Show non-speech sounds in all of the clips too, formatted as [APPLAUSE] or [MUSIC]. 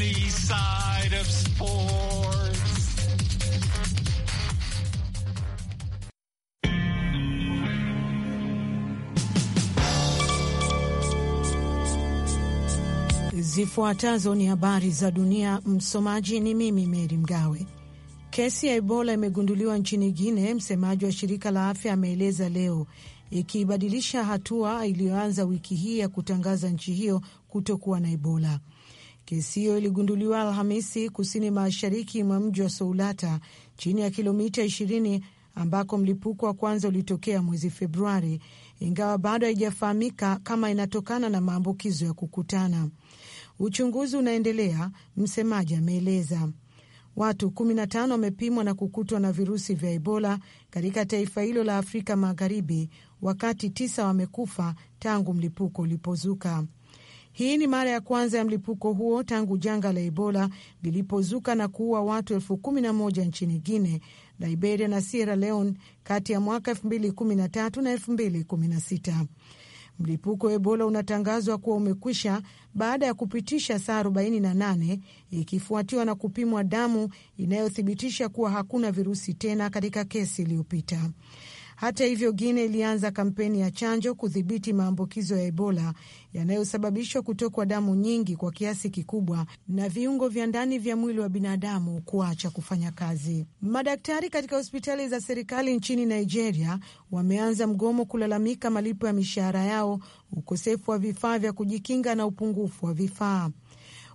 sunny side of sports. Zifuatazo ni habari za dunia. Msomaji ni mimi Meri Mgawe. Kesi ya Ebola imegunduliwa nchini guine msemaji wa shirika la afya ameeleza leo, ikibadilisha hatua iliyoanza wiki hii ya kutangaza nchi hiyo kutokuwa na Ebola kesi hiyo iligunduliwa Alhamisi kusini mashariki mwa mji wa Soulata, chini ya kilomita 20 ambako mlipuko wa kwanza ulitokea mwezi Februari, ingawa bado haijafahamika kama inatokana na maambukizo ya kukutana. Uchunguzi unaendelea, msemaji ameeleza. Watu 15 wamepimwa na kukutwa na virusi vya Ebola katika taifa hilo la Afrika Magharibi, wakati tisa wamekufa tangu mlipuko ulipozuka. Hii ni mara ya kwanza ya mlipuko huo tangu janga la Ebola lilipozuka na kuua watu elfu kumi na moja nchini Guine, Liberia na Sierra Leone kati ya mwaka 2013 na 2016. Mlipuko wa Ebola unatangazwa kuwa umekwisha baada ya kupitisha saa 48 ikifuatiwa na kupimwa damu inayothibitisha kuwa hakuna virusi tena katika kesi iliyopita. Hata hivyo, Guinea ilianza kampeni ya chanjo kudhibiti maambukizo ya Ebola yanayosababishwa kutokwa damu nyingi kwa kiasi kikubwa na viungo vya ndani vya mwili wa binadamu kuacha kufanya kazi. Madaktari katika hospitali za serikali nchini Nigeria wameanza mgomo kulalamika malipo ya mishahara yao, ukosefu wa vifaa vya kujikinga na upungufu wa vifaa.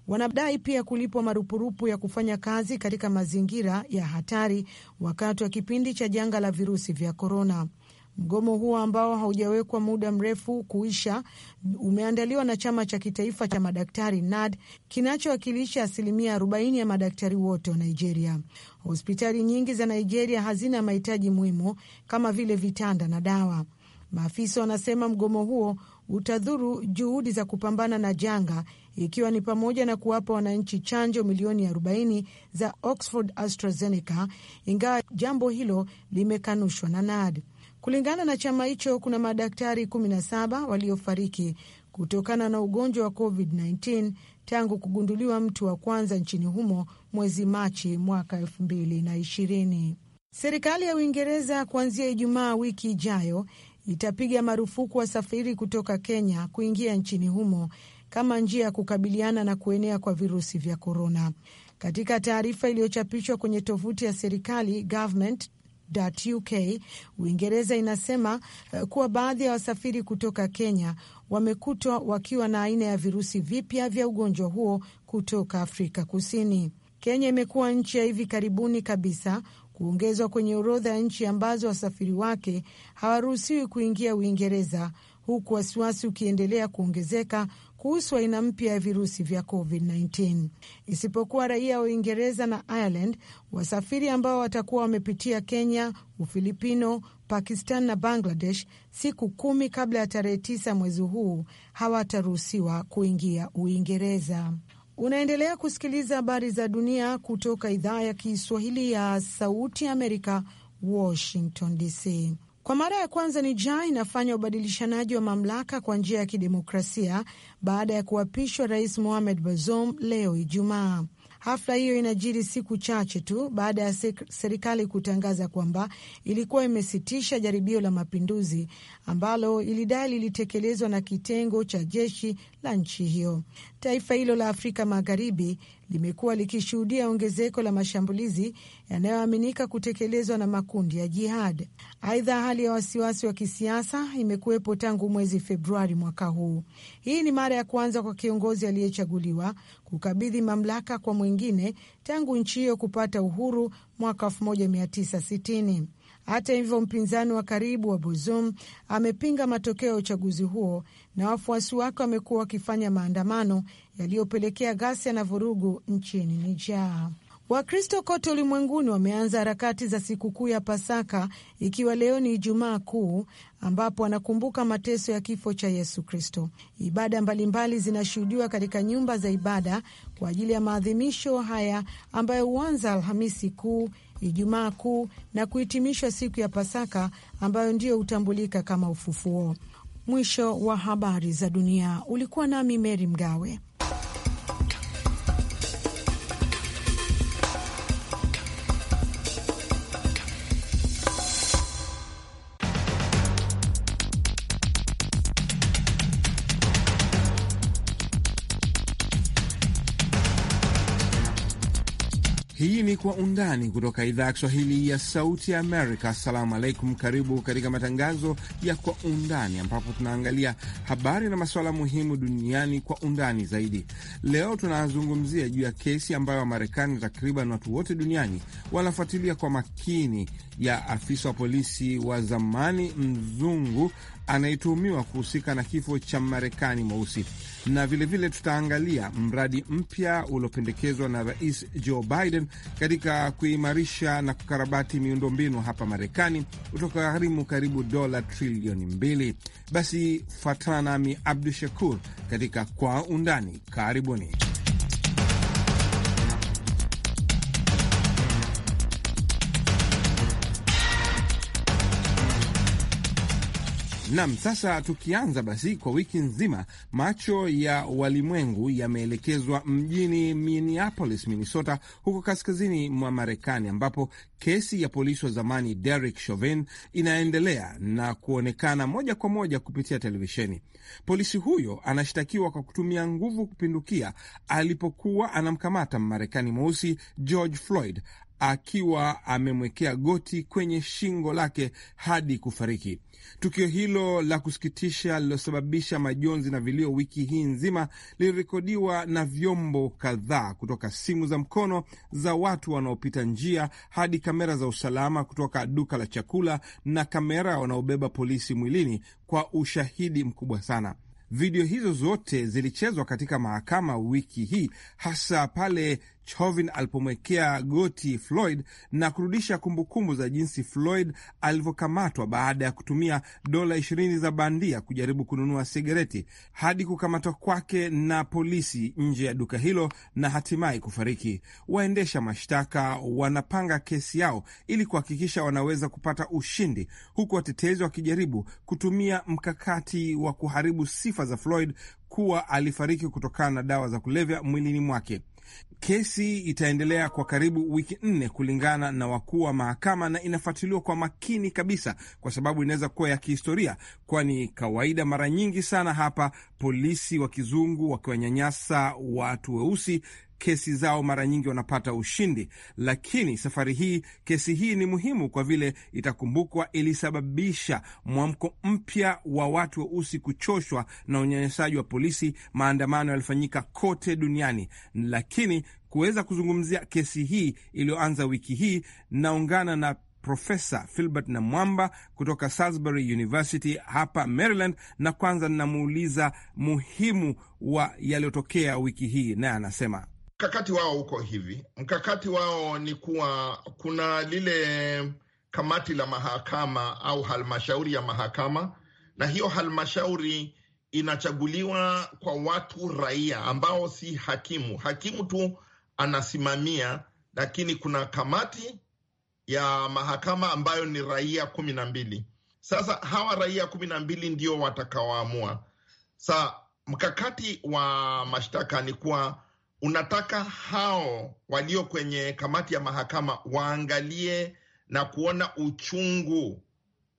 Wanadai pia kulipwa marupurupu ya kufanya kazi katika mazingira ya hatari wakati wa kipindi cha janga la virusi vya korona. Mgomo huo ambao haujawekwa muda mrefu kuisha umeandaliwa na chama cha kitaifa cha madaktari NAD kinachowakilisha asilimia 40 ya madaktari wote wa Nigeria. Hospitali nyingi za Nigeria hazina mahitaji muhimu kama vile vitanda na dawa. Maafisa wanasema mgomo huo utadhuru juhudi za kupambana na janga, ikiwa ni pamoja na kuwapa wananchi chanjo milioni 40 za Oxford AstraZeneca, ingawa jambo hilo limekanushwa na NAD. Kulingana na chama hicho, kuna madaktari 17 waliofariki kutokana na ugonjwa wa COVID-19 tangu kugunduliwa mtu wa kwanza nchini humo mwezi Machi mwaka 2020. Serikali ya Uingereza kuanzia Ijumaa wiki ijayo itapiga marufuku wasafiri kutoka Kenya kuingia nchini humo kama njia ya kukabiliana na kuenea kwa virusi vya korona. Katika taarifa iliyochapishwa kwenye tovuti ya serikali government.uk, Uingereza inasema eh, kuwa baadhi ya wasafiri kutoka Kenya wamekutwa wakiwa na aina ya virusi vipya vya ugonjwa huo kutoka Afrika Kusini. Kenya imekuwa nchi ya hivi karibuni kabisa kuongezwa kwenye orodha ya nchi ambazo wasafiri wake hawaruhusiwi kuingia Uingereza, huku wasiwasi ukiendelea kuongezeka kuhusu aina mpya ya virusi vya COVID-19. Isipokuwa raia wa Uingereza na Ireland, wasafiri ambao watakuwa wamepitia Kenya, Ufilipino, Pakistan na Bangladesh siku kumi kabla ya tarehe tisa mwezi huu hawataruhusiwa kuingia Uingereza. Unaendelea kusikiliza habari za dunia kutoka idhaa ya Kiswahili ya Sauti Amerika, Washington DC. Kwa mara ya kwanza Niger inafanya ubadilishanaji wa mamlaka kwa njia ya kidemokrasia baada ya kuapishwa Rais Mohamed Bazoum leo Ijumaa. Hafla hiyo inajiri siku chache tu baada ya serikali kutangaza kwamba ilikuwa imesitisha jaribio la mapinduzi ambalo ilidai lilitekelezwa na kitengo cha jeshi la nchi hiyo. Taifa hilo la Afrika Magharibi limekuwa likishuhudia ongezeko la mashambulizi yanayoaminika kutekelezwa na makundi ya jihad. Aidha, hali ya wasiwasi wa kisiasa imekuwepo tangu mwezi Februari mwaka huu. Hii ni mara ya kwanza kwa kiongozi aliyechaguliwa kukabidhi mamlaka kwa mwingine tangu nchi hiyo kupata uhuru mwaka 1960. Hata hivyo, mpinzani wa karibu wa Bazoum amepinga matokeo ya uchaguzi huo na wafuasi wake wamekuwa wakifanya maandamano yaliyopelekea ghasia na vurugu nchini Niger. Wakristo kote ulimwenguni wameanza harakati za sikukuu ya Pasaka, ikiwa leo ni Ijumaa Kuu, ambapo wanakumbuka mateso ya kifo cha Yesu Kristo. Ibada mbalimbali zinashuhudiwa katika nyumba za ibada kwa ajili ya maadhimisho haya ambayo huanza Alhamisi Kuu Ijumaa Kuu na kuhitimishwa siku ya Pasaka ambayo ndiyo hutambulika kama ufufuo. Mwisho wa habari za dunia. Ulikuwa nami Meri Mgawe. Kwa Undani kutoka idhaa ya Kiswahili ya Sauti ya Amerika. Assalamu alaikum, karibu katika matangazo ya Kwa Undani ambapo tunaangalia habari na masuala muhimu duniani kwa undani zaidi. Leo tunazungumzia juu ya kesi ambayo Wamarekani, takriban watu wote duniani, wanafuatilia kwa makini ya afisa wa polisi wa zamani mzungu anayetuhumiwa kuhusika na kifo cha Marekani mweusi na vilevile tutaangalia mradi mpya uliopendekezwa na Rais Joe Biden katika kuimarisha na kukarabati miundombinu hapa Marekani utakagharimu karibu dola trilioni mbili. Basi fuatana nami Abdu Shakur katika Kwa Undani. Karibuni. Nam, sasa tukianza basi, kwa wiki nzima macho ya walimwengu yameelekezwa mjini Minneapolis, Minnesota, huko kaskazini mwa Marekani, ambapo kesi ya polisi wa zamani Derek Chauvin inaendelea na kuonekana moja kwa moja kupitia televisheni. Polisi huyo anashtakiwa kwa kutumia nguvu kupindukia alipokuwa anamkamata Mmarekani mweusi George Floyd akiwa amemwekea goti kwenye shingo lake hadi kufariki. Tukio hilo la kusikitisha lililosababisha majonzi na vilio wiki hii nzima lilirekodiwa na vyombo kadhaa, kutoka simu za mkono za watu wanaopita njia hadi kamera za usalama kutoka duka la chakula na kamera wanaobeba polisi mwilini, kwa ushahidi mkubwa sana. Video hizo zote zilichezwa katika mahakama wiki hii, hasa pale Chauvin alipomwekea goti Floyd na kurudisha kumbukumbu za jinsi Floyd alivyokamatwa baada ya kutumia dola ishirini za bandia kujaribu kununua sigareti hadi kukamatwa kwake na polisi nje ya duka hilo na hatimaye kufariki. Waendesha mashtaka wanapanga kesi yao ili kuhakikisha wanaweza kupata ushindi, huku watetezi wakijaribu kutumia mkakati wa kuharibu sifa za Floyd kuwa alifariki kutokana na dawa za kulevya mwilini mwake. Kesi itaendelea kwa karibu wiki nne kulingana na wakuu wa mahakama, na inafuatiliwa kwa makini kabisa, kwa sababu inaweza kuwa ya kihistoria, kwani kawaida mara nyingi sana hapa polisi wa kizungu wakiwanyanyasa watu weusi kesi zao mara nyingi wanapata ushindi, lakini safari hii kesi hii ni muhimu kwa vile itakumbukwa ilisababisha mwamko mpya wa watu weusi kuchoshwa na unyanyasaji wa polisi. Maandamano yalifanyika kote duniani, lakini kuweza kuzungumzia kesi hii iliyoanza wiki hii, naungana na Profesa Filbert Namwamba kutoka Salisbury University hapa Maryland, na kwanza ninamuuliza muhimu wa yaliyotokea wiki hii, naye anasema Mkakati wao uko hivi, mkakati wao ni kuwa kuna lile kamati la mahakama au halmashauri ya mahakama, na hiyo halmashauri inachaguliwa kwa watu raia ambao si hakimu. Hakimu tu anasimamia, lakini kuna kamati ya mahakama ambayo ni raia kumi na mbili. Sasa hawa raia kumi na mbili ndio watakaoamua. Sa mkakati wa mashtaka ni kuwa unataka hao walio kwenye kamati ya mahakama waangalie na kuona uchungu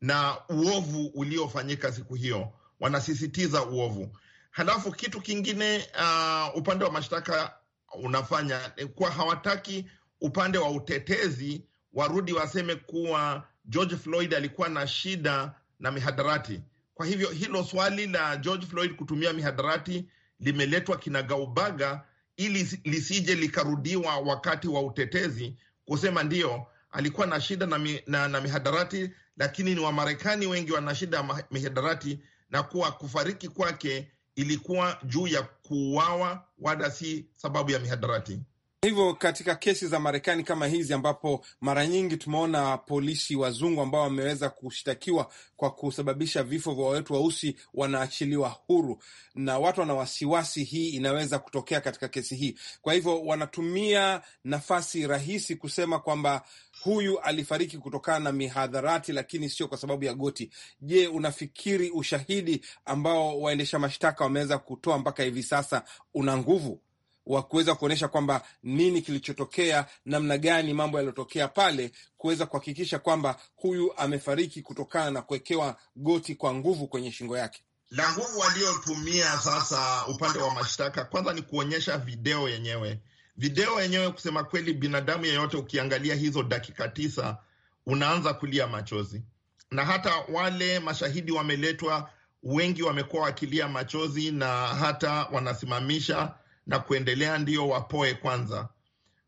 na uovu uliofanyika siku hiyo, wanasisitiza uovu. Halafu kitu kingine uh, upande wa mashtaka unafanya eh, kuwa hawataki upande wa utetezi warudi waseme kuwa George Floyd alikuwa na shida na mihadarati. Kwa hivyo hilo swali la George Floyd kutumia mihadarati limeletwa kinagaubaga ili lisije likarudiwa wakati wa utetezi kusema ndio alikuwa na shida na, mi, na, na mihadarati, lakini ni Wamarekani wengi wana shida ya mihadarati na kuwa kufariki kwake ilikuwa juu ya kuuawa wala si sababu ya mihadarati hivyo katika kesi za Marekani kama hizi, ambapo mara nyingi tumeona polisi wazungu ambao wameweza kushtakiwa kwa kusababisha vifo vya watu weusi wanaachiliwa huru, na watu wana wasiwasi hii inaweza kutokea katika kesi hii. Kwa hivyo wanatumia nafasi rahisi kusema kwamba huyu alifariki kutokana na mihadharati, lakini sio kwa sababu ya goti. Je, unafikiri ushahidi ambao waendesha mashtaka wameweza kutoa mpaka hivi sasa una nguvu? wa kuweza kuonyesha kwamba nini kilichotokea, namna gani mambo yaliyotokea pale, kuweza kuhakikisha kwamba huyu amefariki kutokana na kuwekewa goti kwa nguvu kwenye shingo yake. Na nguvu waliotumia sasa upande wa mashtaka, kwanza ni kuonyesha video yenyewe. Video yenyewe, kusema kweli, binadamu yeyote ukiangalia hizo dakika tisa unaanza kulia machozi, na hata wale mashahidi wameletwa, wengi wamekuwa wakilia machozi na hata wanasimamisha na kuendelea ndio wapoe kwanza.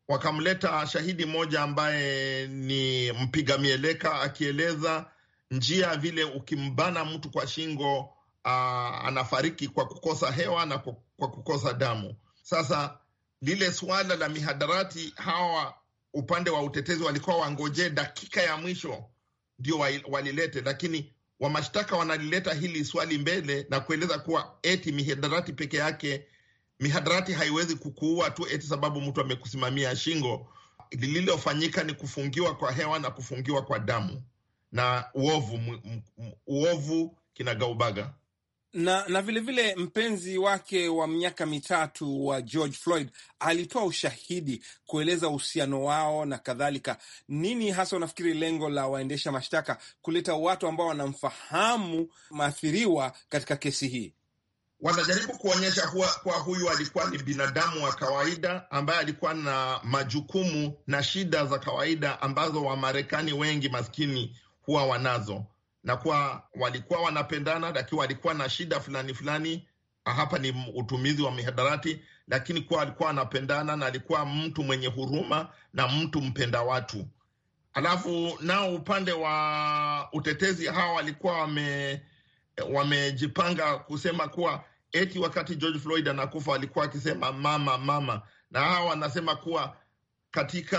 Wakamleta shahidi mmoja ambaye ni mpiga mieleka, akieleza njia vile ukimbana mtu kwa shingo aa, anafariki kwa kukosa hewa na kwa kukosa damu. Sasa lile suala la mihadarati, hawa upande wa utetezi walikuwa wangojee dakika ya mwisho ndio walilete, lakini wamashtaka wanalileta hili swali mbele na kueleza kuwa eti mihadarati peke yake Mihadarati haiwezi kukuua tu eti sababu mtu amekusimamia shingo. Lililofanyika ni kufungiwa kwa hewa na kufungiwa kwa damu na uovu, uovu kinagaubaga na na vilevile vile mpenzi wake wa miaka mitatu wa George Floyd alitoa ushahidi kueleza uhusiano wao na kadhalika. Nini hasa unafikiri lengo la waendesha mashtaka kuleta watu ambao wanamfahamu maathiriwa katika kesi hii? wanajaribu kuonyesha kuwa huyu alikuwa ni binadamu wa kawaida ambaye alikuwa na majukumu na shida za kawaida ambazo Wamarekani wengi maskini huwa wanazo, na kuwa walikuwa wanapendana, lakini walikuwa na shida fulani fulani. Hapa ni utumizi wa mihadarati, lakini kuwa alikuwa anapendana na alikuwa mtu mwenye huruma na mtu mpenda watu. Alafu nao upande wa utetezi hawa walikuwa wame wamejipanga kusema kuwa eti wakati George Floyd anakufa alikuwa akisema mama mama, na hawa wanasema kuwa katika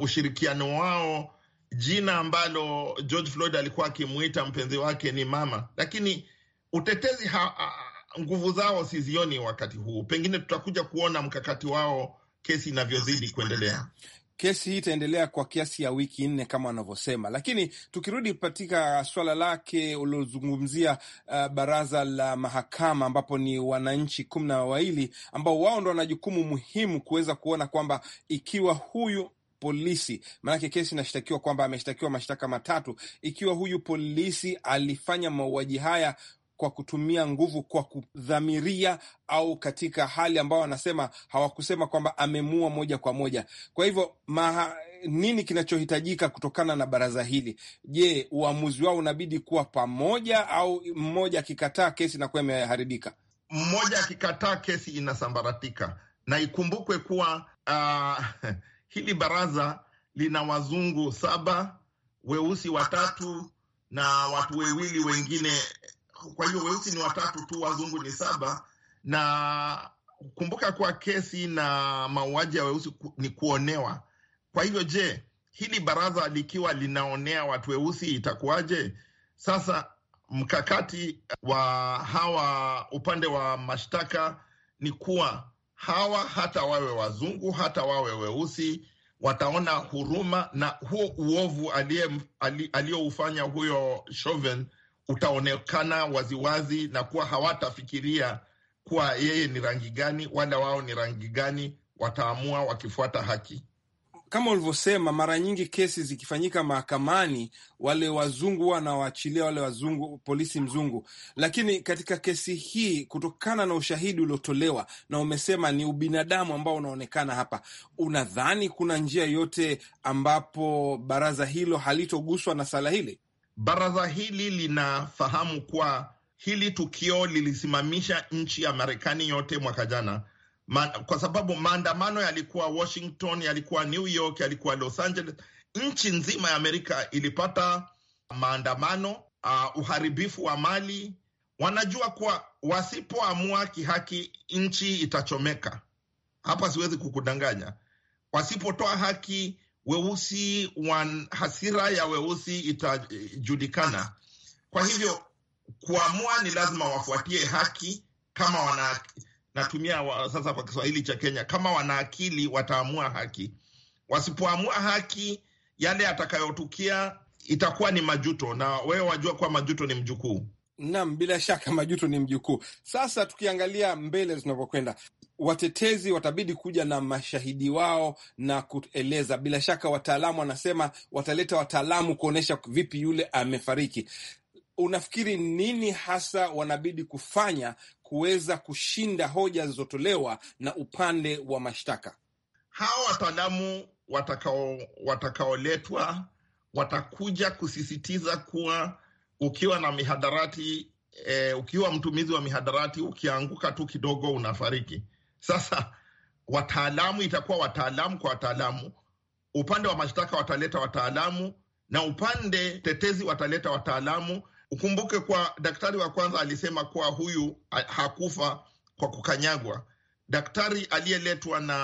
ushirikiano wao jina ambalo George Floyd alikuwa akimwita mpenzi wake ni mama, lakini utetezi ha, a, nguvu zao sizioni wakati huu. Pengine tutakuja kuona mkakati wao kesi inavyozidi kuendelea. Kesi hii itaendelea kwa kiasi ya wiki nne kama wanavyosema, lakini tukirudi katika swala lake uliozungumzia, uh, baraza la mahakama ambapo ni wananchi kumi na wawili ambao wao ndo wana jukumu muhimu kuweza kuona kwamba ikiwa huyu polisi maanake, kesi inashtakiwa kwamba ameshtakiwa mashtaka matatu. Ikiwa huyu polisi alifanya mauaji haya kwa kutumia nguvu kwa kudhamiria au katika hali ambayo wanasema hawakusema kwamba amemua moja kwa moja. Kwa hivyo maha, nini kinachohitajika kutokana na baraza hili? Je, uamuzi wao unabidi kuwa pamoja au mmoja akikataa kesi inakuwa imeharibika? Mmoja akikataa kesi inasambaratika, na ikumbukwe kuwa uh, [LAUGHS] hili baraza lina wazungu saba, weusi watatu na watu wawili wengine kwa hiyo weusi ni watatu tu, wazungu ni saba. Na kumbuka kuwa kesi na mauaji ya weusi ni kuonewa. Kwa hivyo, je, hili baraza likiwa linaonea watu weusi itakuwaje? Sasa mkakati wa hawa upande wa mashtaka ni kuwa hawa hata wawe wazungu hata wawe weusi wataona huruma na huo uovu aliyoufanya huyo Chauvin utaonekana waziwazi na kuwa hawatafikiria kuwa yeye ni rangi gani wala wao ni rangi gani, wataamua wakifuata haki. Kama ulivyosema, mara nyingi kesi zikifanyika mahakamani, wale wazungu wanawaachilia wale wazungu, polisi mzungu. Lakini katika kesi hii, kutokana na ushahidi uliotolewa na umesema ni ubinadamu ambao unaonekana hapa, unadhani kuna njia yote ambapo baraza hilo halitoguswa na sala hili? Baraza hili linafahamu kuwa hili tukio lilisimamisha nchi ya Marekani yote mwaka jana Ma, kwa sababu maandamano yalikuwa Washington, yalikuwa New York, yalikuwa Los Angeles. Nchi nzima ya Amerika ilipata maandamano, uh, uharibifu wa mali. Wanajua kuwa wasipoamua kihaki nchi itachomeka. Hapa siwezi kukudanganya, wasipotoa haki weusi wan, hasira ya weusi itajulikana. Kwa hivyo kuamua ni lazima wafuatie haki kama wana natumia wa, sasa kwa Kiswahili cha Kenya, kama wana akili wataamua haki. Wasipoamua haki, yale yatakayotukia itakuwa ni majuto, na wewe wajua kuwa majuto ni mjukuu. Naam, bila shaka majuto ni mjukuu. Sasa tukiangalia mbele zinavyokwenda watetezi watabidi kuja na mashahidi wao na kueleza. Bila shaka wataalamu wanasema wataleta wataalamu kuonyesha vipi yule amefariki. Unafikiri nini hasa wanabidi kufanya kuweza kushinda hoja zilizotolewa na upande wa mashtaka? Hawa wataalamu watakaoletwa watakao watakuja kusisitiza kuwa ukiwa na mihadarati e, ukiwa mtumizi wa mihadarati ukianguka tu kidogo unafariki. Sasa wataalamu, itakuwa wataalamu kwa wataalamu, upande wa mashtaka wataleta wataalamu na upande tetezi wataleta wataalamu. Ukumbuke kwa daktari wa kwanza alisema kuwa huyu hakufa kwa kukanyagwa. Daktari aliyeletwa na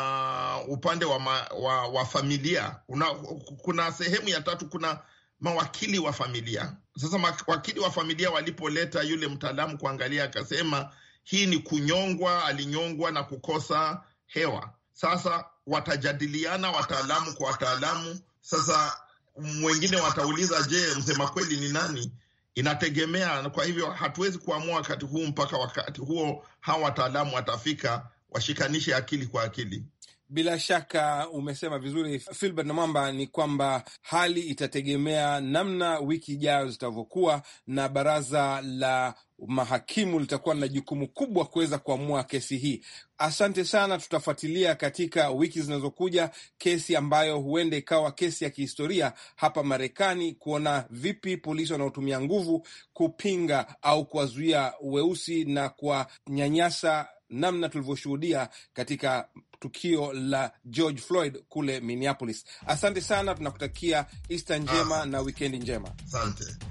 upande wa, ma, wa, wa familia una, kuna sehemu ya tatu, kuna mawakili wa familia. Sasa mawakili wa familia walipoleta yule mtaalamu kuangalia, akasema hii ni kunyongwa, alinyongwa na kukosa hewa. Sasa watajadiliana wataalamu kwa wataalamu. Sasa wengine watauliza, je, msema kweli ni nani? Inategemea. Kwa hivyo hatuwezi kuamua wakati huu mpaka wakati huo hawa wataalamu watafika washikanishe akili kwa akili. Bila shaka umesema vizuri Filbert na Mwamba, ni kwamba hali itategemea namna wiki ijayo zitavyokuwa, na baraza la mahakimu litakuwa na jukumu kubwa kuweza kuamua kesi hii. Asante sana, tutafuatilia katika wiki zinazokuja kesi ambayo huenda ikawa kesi ya kihistoria hapa Marekani, kuona vipi polisi wanaotumia nguvu kupinga au kuwazuia weusi na kuwanyanyasa namna tulivyoshuhudia katika tukio la George Floyd kule Minneapolis. Asante sana, tunakutakia Ista njema ah, na wikendi njema.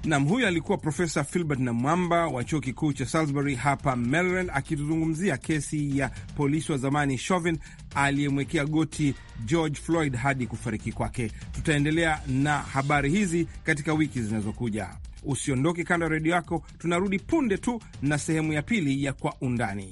Nam, huyo alikuwa Profesa Filbert Namwamba wa chuo kikuu cha Salisbury hapa Maryland, akituzungumzia kesi ya polisi wa zamani Chauvin aliyemwekea goti George Floyd hadi kufariki kwake. Tutaendelea na habari hizi katika wiki zinazokuja. Usiondoke kando ya redio yako, tunarudi punde tu na sehemu ya pili ya Kwa Undani.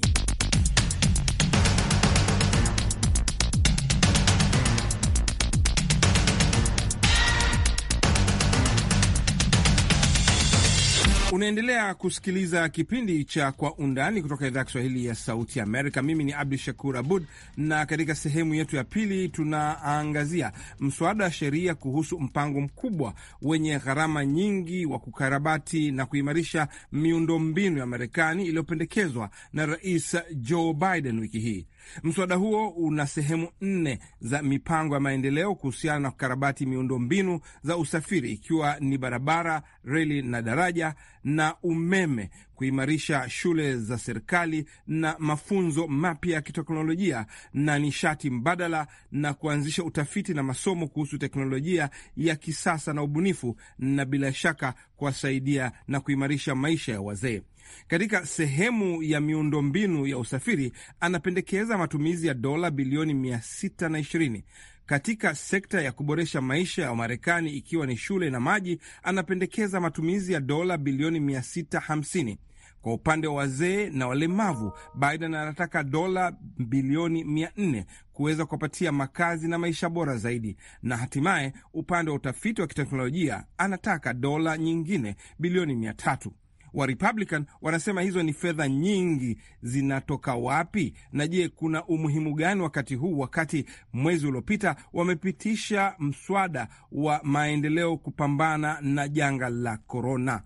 Unaendelea kusikiliza kipindi cha Kwa Undani kutoka idhaa ya Kiswahili ya Sauti Amerika. Mimi ni Abdu Shakur Abud, na katika sehemu yetu ya pili tunaangazia mswada wa sheria kuhusu mpango mkubwa wenye gharama nyingi wa kukarabati na kuimarisha miundombinu ya Marekani iliyopendekezwa na Rais Joe Biden wiki hii. Mswada huo una sehemu nne za mipango ya maendeleo kuhusiana na kukarabati miundo mbinu za usafiri ikiwa ni barabara, reli na daraja na umeme, kuimarisha shule za serikali na mafunzo mapya ya kiteknolojia na nishati mbadala, na kuanzisha utafiti na masomo kuhusu teknolojia ya kisasa na ubunifu, na bila shaka kuwasaidia na kuimarisha maisha ya wazee. Katika sehemu ya miundombinu ya usafiri, anapendekeza matumizi ya dola bilioni 620 katika sekta ya kuboresha maisha ya Wamarekani ikiwa ni shule na maji, anapendekeza matumizi ya dola bilioni 650. Kwa upande wa wazee na walemavu, Biden anataka dola bilioni 400 kuweza kuwapatia makazi na maisha bora zaidi, na hatimaye upande wa utafiti wa kiteknolojia anataka dola nyingine bilioni 300 wa Republican wanasema hizo ni fedha nyingi, zinatoka wapi? Na je, kuna umuhimu gani wakati huu, wakati mwezi uliopita wamepitisha mswada wa maendeleo kupambana na janga la korona?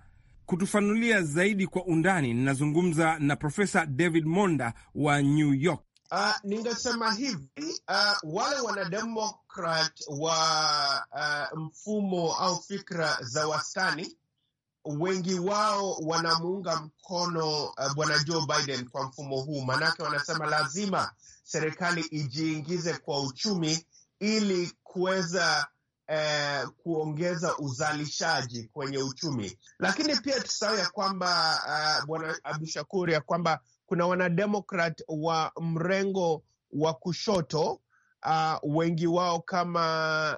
Kutufanulia zaidi kwa undani, ninazungumza na Profesa David Monda wa New York. Uh, ningesema hivi uh, wale wanademokrat wa uh, mfumo au fikra za wastani wengi wao wanamuunga mkono uh, bwana Joe Biden kwa mfumo huu, maanake wanasema lazima serikali ijiingize kwa uchumi ili kuweza eh, kuongeza uzalishaji kwenye uchumi. Lakini pia tusahau ya kwamba uh, bwana Abdu Shakur, ya kwamba kuna wanademokrat wa mrengo wa kushoto uh, wengi wao kama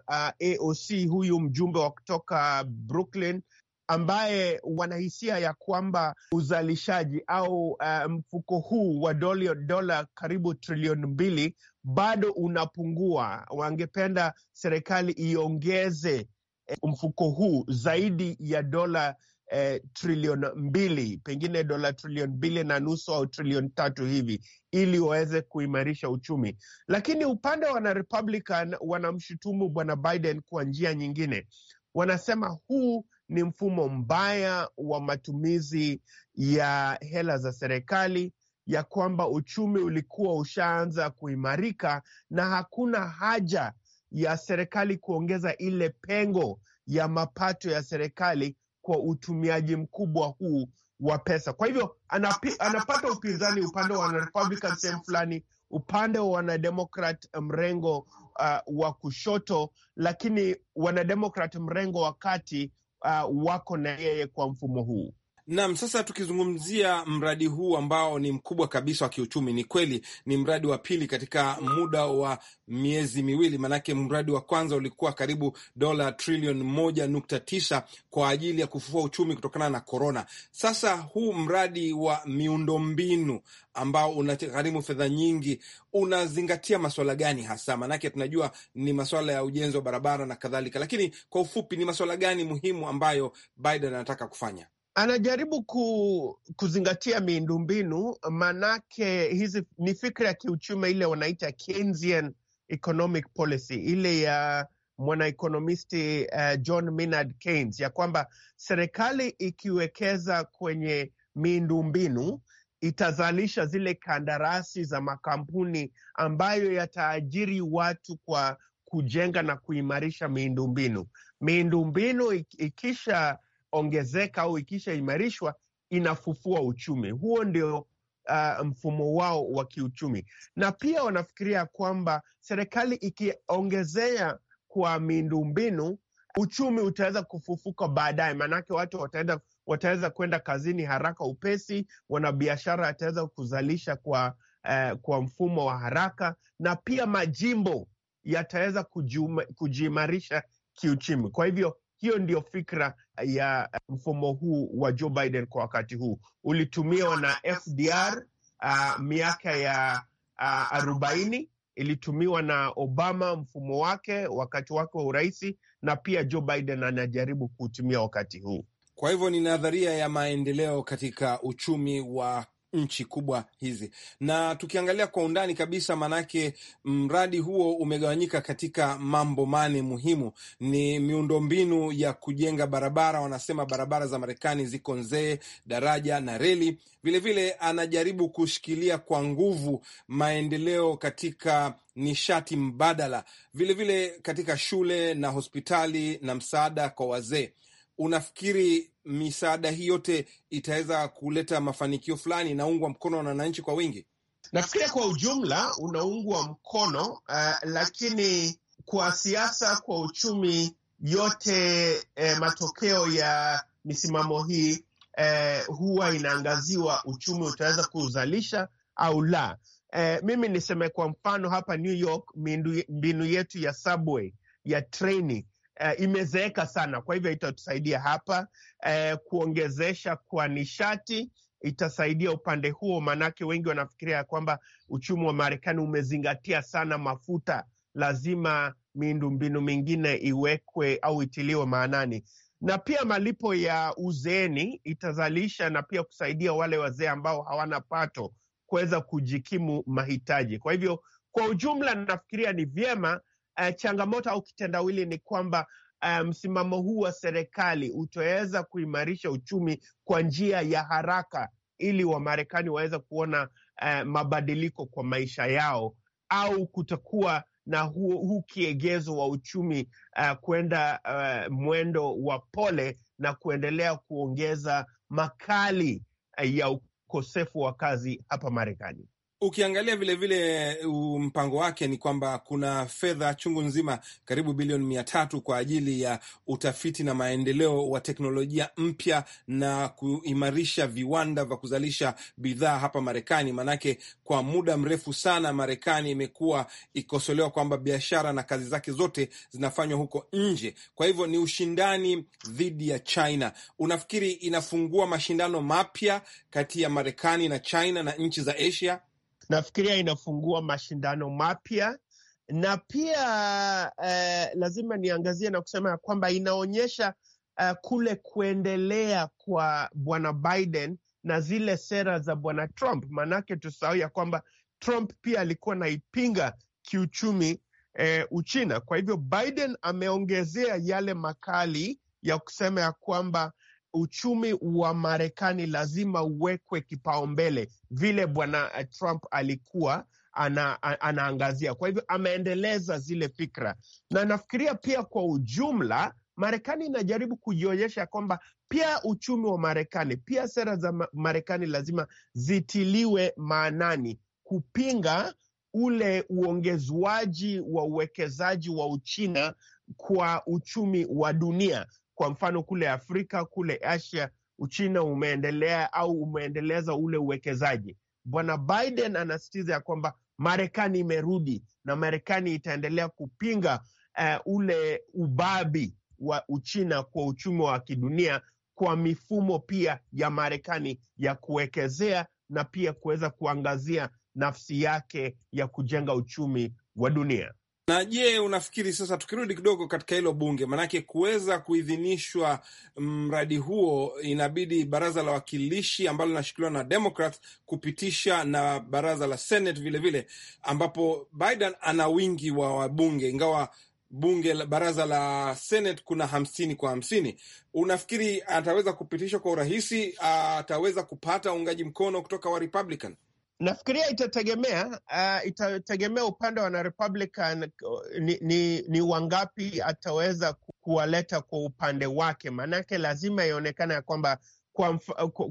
uh, ah, AOC huyu mjumbe wa kutoka Brooklyn ambaye wanahisia ya kwamba uzalishaji au uh, mfuko huu wa dola karibu trilioni mbili bado unapungua. Wangependa serikali iongeze eh, mfuko huu zaidi ya dola eh, trilioni mbili, pengine dola trilioni mbili na nusu au trilioni tatu hivi, ili waweze kuimarisha uchumi. Lakini upande wa Republican wanamshutumu bwana Biden kwa njia nyingine, wanasema huu ni mfumo mbaya wa matumizi ya hela za serikali, ya kwamba uchumi ulikuwa ushaanza kuimarika na hakuna haja ya serikali kuongeza ile pengo ya mapato ya serikali kwa utumiaji mkubwa huu wa pesa. Kwa hivyo anapi, anapata upinzani upande wa wanarepublican sehemu fulani, upande wa wanademokrat mrengo uh, wa kushoto, lakini wanademokrat mrengo wa kati uh, wako na yeye kwa mfumo huu. Naam, sasa tukizungumzia mradi huu ambao ni mkubwa kabisa wa kiuchumi, ni kweli ni mradi wa pili katika muda wa miezi miwili, maanake mradi wa kwanza ulikuwa karibu dola trilioni moja nukta tisa kwa ajili ya kufufua uchumi kutokana na korona. Sasa huu mradi wa miundombinu ambao unagharimu fedha nyingi unazingatia maswala gani hasa? Maanake tunajua ni maswala ya ujenzi wa barabara na kadhalika, lakini kwa ufupi ni maswala gani muhimu ambayo Biden anataka kufanya? anajaribu ku, kuzingatia miundombinu, maanake hizi ni fikra ya kiuchumi ile wanaita Keynesian economic policy, ile ya mwanaekonomisti uh, John Maynard Keynes ya kwamba serikali ikiwekeza kwenye miundombinu itazalisha zile kandarasi za makampuni ambayo yataajiri watu kwa kujenga na kuimarisha miundombinu. Miundombinu ikisha ikishaongezeka au ikishaimarishwa inafufua uchumi. Huo ndio uh, mfumo wao wa kiuchumi, na pia wanafikiria kwamba serikali ikiongezea kwa miundombinu uchumi utaweza kufufuka baadaye, maanake watu wataenda wataweza kwenda kazini haraka upesi, wanabiashara wataweza kuzalisha kwa, eh, kwa mfumo wa haraka, na pia majimbo yataweza kujiimarisha kiuchumi. Kwa hivyo hiyo ndio fikra ya eh, mfumo huu wa Joe Biden kwa wakati huu, ulitumiwa na FDR uh, ah, miaka ya uh, arobaini ilitumiwa na Obama mfumo wake wakati wake wa uraisi, na pia Joe Biden anajaribu kuutumia wakati huu. Kwa hivyo ni nadharia ya maendeleo katika uchumi wa nchi kubwa hizi. Na tukiangalia kwa undani kabisa, maanake mm, mradi huo umegawanyika katika mambo mane muhimu. Ni miundombinu ya kujenga barabara, wanasema barabara za Marekani ziko nzee, daraja na reli. Vilevile anajaribu kushikilia kwa nguvu maendeleo katika nishati mbadala, vilevile vile katika shule na hospitali na msaada kwa wazee. Unafikiri misaada hii yote itaweza kuleta mafanikio fulani, inaungwa mkono na wananchi kwa wingi? Nafikiria kwa ujumla unaungwa mkono uh, lakini kwa siasa, kwa uchumi, yote eh, matokeo ya misimamo hii eh, huwa inaangaziwa uchumi utaweza kuzalisha au la. Eh, mimi niseme kwa mfano hapa New York, mbinu yetu ya subway ya treni uh, imezeeka sana, kwa hivyo itatusaidia hapa uh, kuongezesha kwa nishati itasaidia upande huo, maanake wengi wanafikiria ya kwamba uchumi wa Marekani umezingatia sana mafuta, lazima mbinu mingine iwekwe au itiliwe maanani, na pia malipo ya uzeeni itazalisha na pia kusaidia wale wazee ambao hawana pato kuweza kujikimu mahitaji. Kwa hivyo, kwa ujumla, nafikiria ni vyema uh, changamoto au kitendawili ni kwamba eh, msimamo um, huu wa serikali utaweza kuimarisha uchumi kwa njia ya haraka ili Wamarekani waweze kuona uh, mabadiliko kwa maisha yao au kutakuwa na huu, hu kiegezo wa uchumi uh, kwenda uh, mwendo wa pole na kuendelea kuongeza makali uh, ya ukosefu wa kazi hapa Marekani. Ukiangalia vilevile vile eh, mpango wake ni kwamba kuna fedha chungu nzima karibu bilioni mia tatu kwa ajili ya utafiti na maendeleo wa teknolojia mpya na kuimarisha viwanda vya kuzalisha bidhaa hapa Marekani. Maanake kwa muda mrefu sana Marekani imekuwa ikikosolewa kwamba biashara na kazi zake zote zinafanywa huko nje. Kwa hivyo ni ushindani dhidi ya China. Unafikiri inafungua mashindano mapya kati ya Marekani na China na nchi za Asia? nafikiria inafungua mashindano mapya na pia eh, lazima niangazie na kusema ya kwamba inaonyesha uh, kule kuendelea kwa bwana Biden na zile sera za bwana Trump. Maanake tusahau ya kwamba Trump pia alikuwa naipinga kiuchumi eh, Uchina. Kwa hivyo Biden ameongezea yale makali ya kusema ya kwamba uchumi wa Marekani lazima uwekwe kipaumbele, vile bwana eh, Trump alikuwa ana, anaangazia. Kwa hivyo ameendeleza zile fikra, na nafikiria pia kwa ujumla Marekani inajaribu kujionyesha kwamba pia uchumi wa Marekani, pia sera za Marekani lazima zitiliwe maanani kupinga ule uongezwaji wa uwekezaji wa Uchina kwa uchumi wa dunia. Kwa mfano kule Afrika, kule Asia, Uchina umeendelea au umeendeleza ule uwekezaji. Bwana Biden anasisitiza ya kwamba Marekani imerudi na Marekani itaendelea kupinga uh, ule ubabi wa Uchina kwa uchumi wa kidunia kwa mifumo pia ya Marekani ya kuwekezea na pia kuweza kuangazia nafsi yake ya kujenga uchumi wa dunia. Na je, unafikiri sasa, tukirudi kidogo katika hilo bunge, maanake kuweza kuidhinishwa mradi huo inabidi baraza la wakilishi ambalo linashikiliwa na Demokrat kupitisha na baraza la Senate vilevile vile, ambapo Biden ana wingi wa wabunge ingawa bunge la baraza la Senate kuna hamsini kwa hamsini. Unafikiri ataweza kupitishwa kwa urahisi? Ataweza kupata uungaji mkono kutoka wa Republican? Nafikiria itategemea uh, itategemea upande wa wanarepublican ni, ni, ni wangapi ataweza kuwaleta kwa upande wake, maanake lazima ionekana ya kwamba kwa,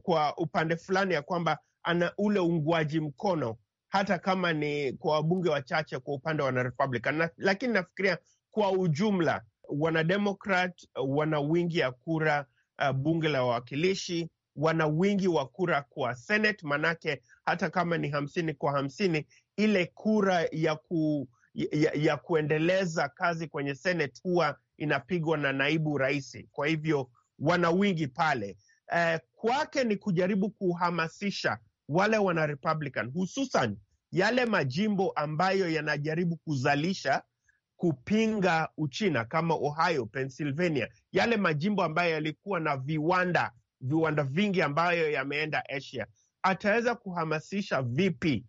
kwa upande fulani ya kwamba ana ule uungwaji mkono hata kama ni kwa wabunge wachache kwa upande wa wanarepublican na, lakini nafikiria kwa ujumla wanademokrat wana wingi ya kura uh, bunge la wawakilishi wana wingi wa kura kwa senate, manake hata kama ni hamsini kwa hamsini, ile kura ya, ku, ya, ya kuendeleza kazi kwenye Senate huwa inapigwa na naibu rais. Kwa hivyo wana wingi pale. Eh, kwake ni kujaribu kuhamasisha wale wana Republican hususan yale majimbo ambayo yanajaribu kuzalisha kupinga Uchina kama Ohio, Pennsylvania, yale majimbo ambayo yalikuwa na viwanda viwanda vingi ambayo yameenda Asia ataweza kuhamasisha vipi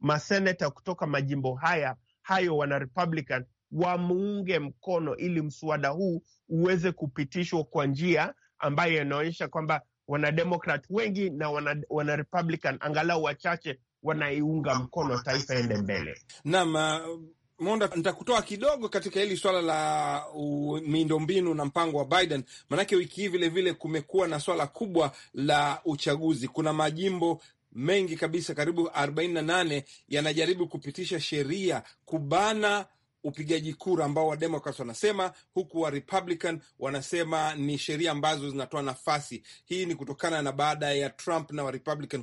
maseneta kutoka majimbo haya hayo wana Republican wamuunge mkono ili mswada huu uweze kupitishwa kwa njia ambayo inaonyesha kwamba wanademokrat wengi na wana, wana Republican angalau wachache wanaiunga mkono taifa ende mbele. Naam, uh, Monda, nitakutoa kidogo katika hili swala la miundombinu na mpango wa Biden, maanake wiki hii vilevile kumekuwa na swala kubwa la uchaguzi. Kuna majimbo mengi kabisa, karibu 48 yanajaribu kupitisha sheria kubana upigaji kura ambao wademokrat wanasema, huku wa Republican wanasema ni sheria ambazo zinatoa nafasi hii. Ni kutokana na baada ya Trump na wa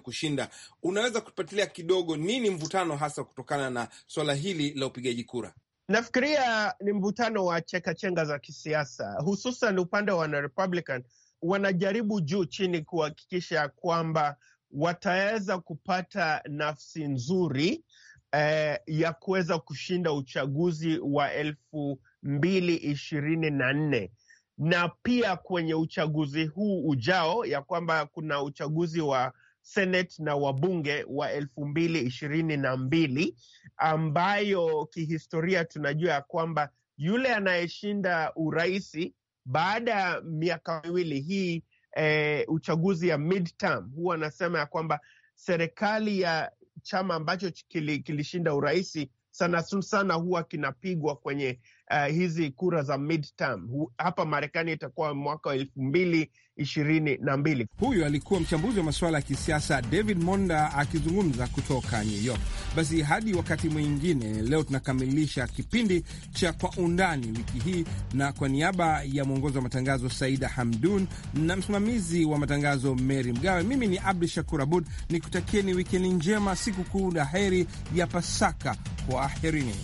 kushinda. Unaweza kupatilia kidogo nini mvutano hasa kutokana na swala hili la upigaji kura? Nafikiria ni mvutano wa chekachenga za kisiasa, hususan upande wa wanarepublican wanajaribu juu chini kuhakikisha kwamba wataweza kupata nafsi nzuri eh, ya kuweza kushinda uchaguzi wa elfu mbili ishirini na nne na pia kwenye uchaguzi huu ujao, ya kwamba kuna uchaguzi wa senate na wabunge wa elfu mbili ishirini na mbili ambayo kihistoria tunajua ya kwamba yule anayeshinda uraisi baada ya miaka miwili hii e, uchaguzi ya midterm huwa anasema ya kwamba serikali ya chama ambacho kilishinda urahisi sana sana huwa kinapigwa kwenye uh, hizi kura za midterm hapa Marekani itakuwa mwaka wa elfu mbili ishirini na mbili. Huyu alikuwa mchambuzi wa masuala ya kisiasa David Monda akizungumza kutoka New York. Basi hadi wakati mwingine, leo tunakamilisha kipindi cha Kwa Undani wiki hii, na kwa niaba ya mwongozi wa matangazo Saida Hamdun na msimamizi wa matangazo Mary Mgawe, mimi ni Abdu Shakur Abud nikutakieni wikendi njema, sikukuu na heri ya Pasaka. Kwaherini.